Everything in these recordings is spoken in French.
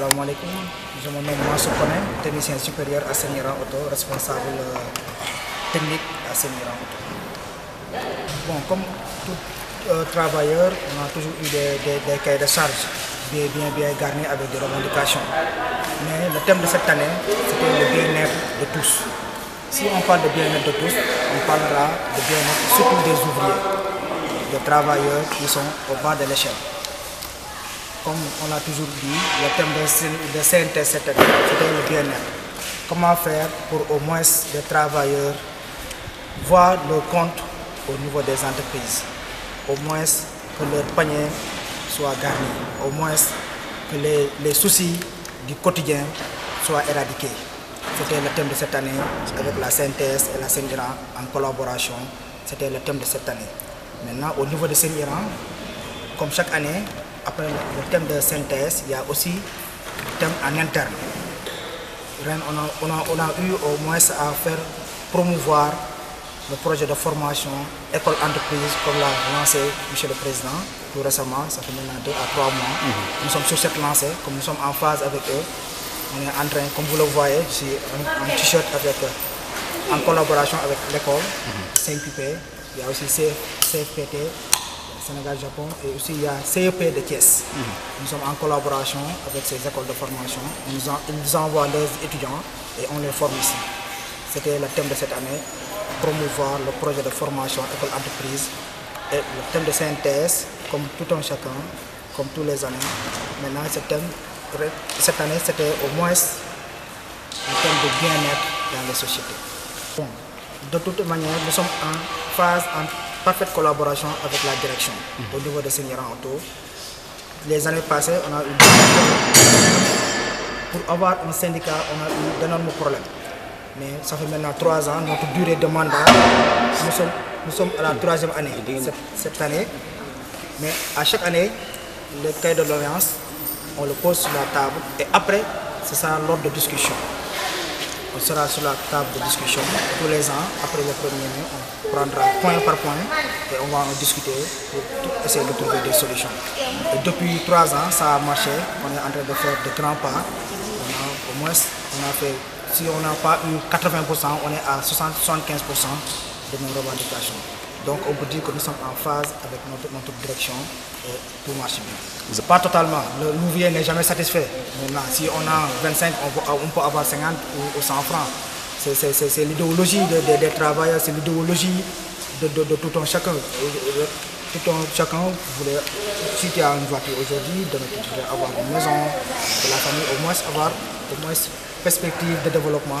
alaikum, je me nomme technicien supérieur auto responsable euh, technique auto. Bon comme tout les euh, travailleur on a toujours eu des des cahiers de charge bien garnis avec des revendications mais le thème de cette année c'est le bien-être de tous. Si on parle de bien-être de tous on parlera de bien-être surtout des ouvriers des travailleurs qui sont au bas de l'échelle comme on l'a toujours dit, le thème de, de année, c'était le bien-être. Comment faire pour au moins les travailleurs voir leur compte au niveau des entreprises, au moins que leur panier soit garni, au moins que les, soucis du quotidien soient éradiqués. C'était le thème de cette année avec la synthèse et la Sainte-Iran en collaboration. C'était le thème de cette année. Maintenant, au niveau de Sainte-Iran, comme chaque année, après le thème de synthèse, il y a aussi le thème en interne. On a, eu au moins à faire promouvoir le projet de formation école entreprise comme l'a lancé M. le Président tout récemment, ça fait maintenant deux à trois mois. Mhm. Nous sommes sur cette lancée, comme nous sommes en phase avec eux, on est en train, comme vous le voyez, je suis en, t-shirt avec en collaboration avec l'école, Saint mhm. il y a aussi CFPT, Sénégal-Japon et aussi il y a CEP de Thiès. Mhm. Nous sommes en collaboration avec ces écoles de formation. Ils nous, envoient leurs étudiants et on les forme ici. C'était le thème de cette année, promouvoir le projet de formation école-entreprise et le thème de synthèse, comme tout un chacun, comme tous les années. Maintenant, ce thème, cette année, c'était au moins le thème de bien-être dans les sociétés. de toute manière, nous sommes en phase en parfaite collaboration avec la direction au niveau de Seigneur tout. Les années passées, on a eu pour avoir un syndicat, on a eu d'énormes problèmes. Mais ça fait maintenant trois ans, notre durée de mandat, nous sommes, à la troisième année, cette, année. Mais à chaque année, le cahier de l'audience, on le pose sur la table et après, ce sera l'ordre de discussion on sera sur la table de discussion tous les ans. Après le premier on prendra point par point et on va en discuter pour essayer de trouver des solutions. depuis trois ans, ça a marché. On est en train de faire de grands pas. au moins, on a fait, si on n'a pas eu 80%, on est à 60, 75% de nos revendications. Donc on peut dire que nous sommes en phase avec notre, direction euh, pour marcher bien. Pas totalement, le n'est jamais satisfait. Maintenant, si on a 25, on, peut avoir 50 ou, 100 francs. C'est l'idéologie des, travailleurs, c'est l'idéologie de, tout un chacun. Tout un chacun voulait, si tu as une voiture aujourd'hui, de avoir une maison, de la famille, au moins avoir au moins perspective de développement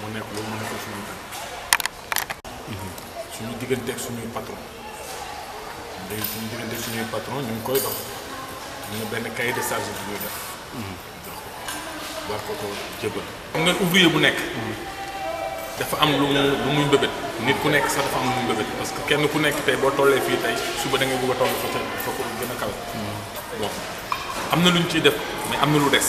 mu nekk loolu mu nekk suñu tam mhm. suñu digganteeg suñuy patron léegi suñu digganteeg suñuy ñu ngi koy dox am na benn cahier de charge bi ñuy def mhm. jox war ko ko jëbal am bu nekk mhm. dafa am lu mu lu muy mbébét ku nekk sax dafa am que kenn ku nekk tey boo tollee fii tey suba da nga bëgg a toll fa fa ko gën a na lu ñu ciy def mais am na lu des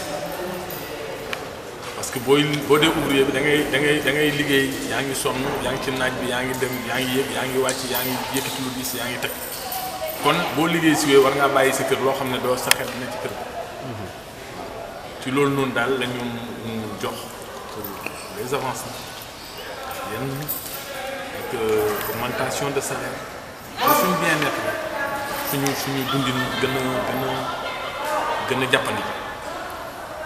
parce que booy boo dee ouvrier bi da ngay dangay liggéey yaa ngi sonn yaa ngi ci naaj bi yaa ngi dem yaa ngi yéeg yaa ngi wàcc yaa ngi yëkkati lu diis yaa ngi teg kon boo liggéey si wee war ngaa bàyyi sa kër loo xam ne doo sa xel dina ci kër mhm. ci loolu noonu daal la ñu jox pour les avancements yenn ak euh, augmentation de salaire pour suñu bien-être suñu suñu dundin gën gën a gën a jàppandi